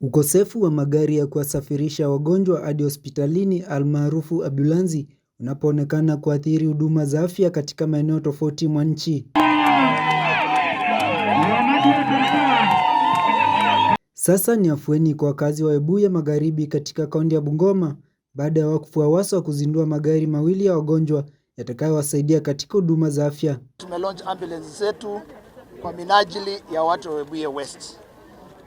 Ukosefu wa magari ya kuwasafirisha wagonjwa hadi hospitalini almaarufu ambulansi unapoonekana kuathiri huduma za afya katika maeneo tofauti mwa nchi. Sasa ni afueni kwa wakazi wa Ebuya Magharibi katika kaunti ya Bungoma baada ya wakfu wa Waswa kuzindua magari mawili ya wagonjwa yatakayowasaidia katika huduma za afya. Tumelaunch ambulance zetu kwa minajili ya watu wa Ebuya West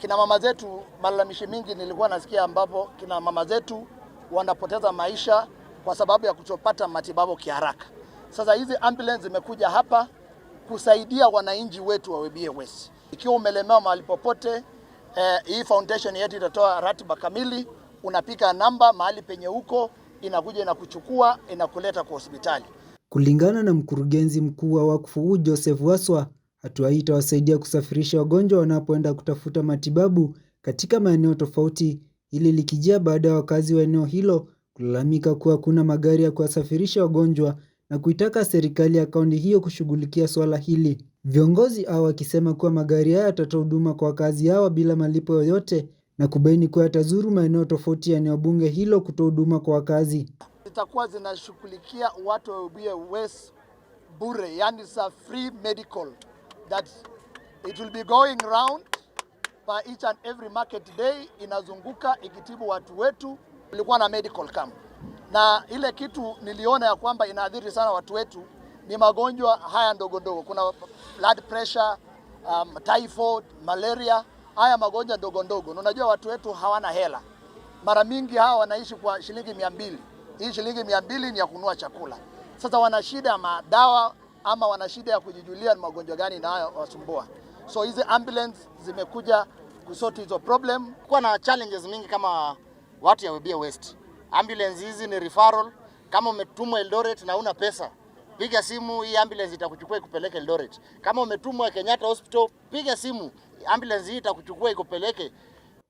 kina mama zetu, malalamishi mingi nilikuwa nasikia, ambapo kina mama zetu wanapoteza maisha kwa sababu ya kutopata matibabu kiharaka. Sasa hizi ambulance zimekuja hapa kusaidia wananchi wetu wa Webuye West. Ikiwa umelemewa mahali popote, eh, hii foundation yetu itatoa ratiba kamili. unapika namba mahali penye huko, inakuja inakuchukua, inakuleta kwa hospitali. Kulingana na mkurugenzi mkuu wa wakfu Joseph Waswa Hatua hii itawasaidia kusafirisha wagonjwa wanapoenda kutafuta matibabu katika maeneo tofauti hili likijia baada ya wakazi wa eneo hilo kulalamika kuwa hakuna magari ya kuwasafirisha wagonjwa na kuitaka serikali ya kaunti hiyo kushughulikia swala hili. Viongozi hao wakisema kuwa magari haya yatatoa huduma kwa wakazi hawa bila malipo yoyote na kubaini kuwa yatazuru maeneo tofauti ya eneo bunge hilo kutoa huduma kwa wakazi. Zitakuwa zinashughulikia watu wa West bure, yani za free medical that it will be going round by each and every market day, inazunguka ikitibu watu wetu. Kulikuwa na medical camp, na ile kitu niliona ya kwamba inaathiri sana watu wetu ni magonjwa haya ndogo ndogo, kuna blood pressure, um, typhoid, malaria, haya magonjwa ndogo ndogo. Unajua watu wetu hawana hela, mara mingi hawa wanaishi kwa shilingi mia mbili. Hii shilingi mia mbili ni ya kununua chakula. Sasa wana shida ya madawa ama wana shida ya kujijulia ni magonjwa gani nayo wasumbua So hizi ambulance zimekuja kusoti hizo problem. Kuwa na challenges mingi kama watu ya Webuye West, ambulance hizi ni referral. Kama umetumwa Eldoret na una pesa, piga simu, hii ambulance itakuchukua ikupeleke Eldoret. Kama umetumwa Kenyatta Hospital, piga simu, ambulance hii itakuchukua ikupeleke.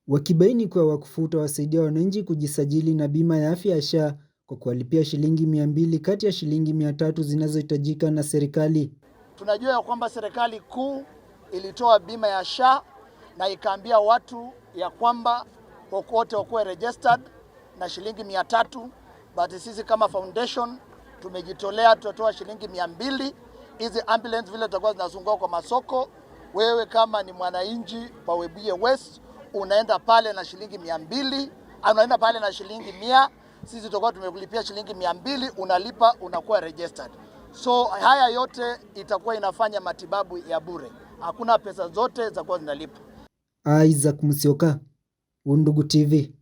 Wakibaini kuwa wakufuta wasaidia wananchi kujisajili na bima ya afya ya SHA kwa kuwalipia shilingi mia mbili kati ya shilingi mia tatu zinazohitajika na serikali. Tunajua ya kwamba serikali kuu ilitoa bima ya SHA na ikaambia watu ya kwamba wote wakuwe registered na shilingi mia tatu, but sisi kama foundation tumejitolea, tutatoa shilingi mia mbili. Hizi ambulance vile zitakuwa zinazunguka kwa masoko, wewe kama ni mwananchi wa Webuye West unaenda pale na shilingi mia mbili, unaenda pale na shilingi mia sisi tutakuwa tumekulipia shilingi mia mbili, unalipa unakuwa registered. So haya yote itakuwa inafanya matibabu ya bure, hakuna pesa zote za kuwa zinalipa. Isaac Musyoka, Undugu TV.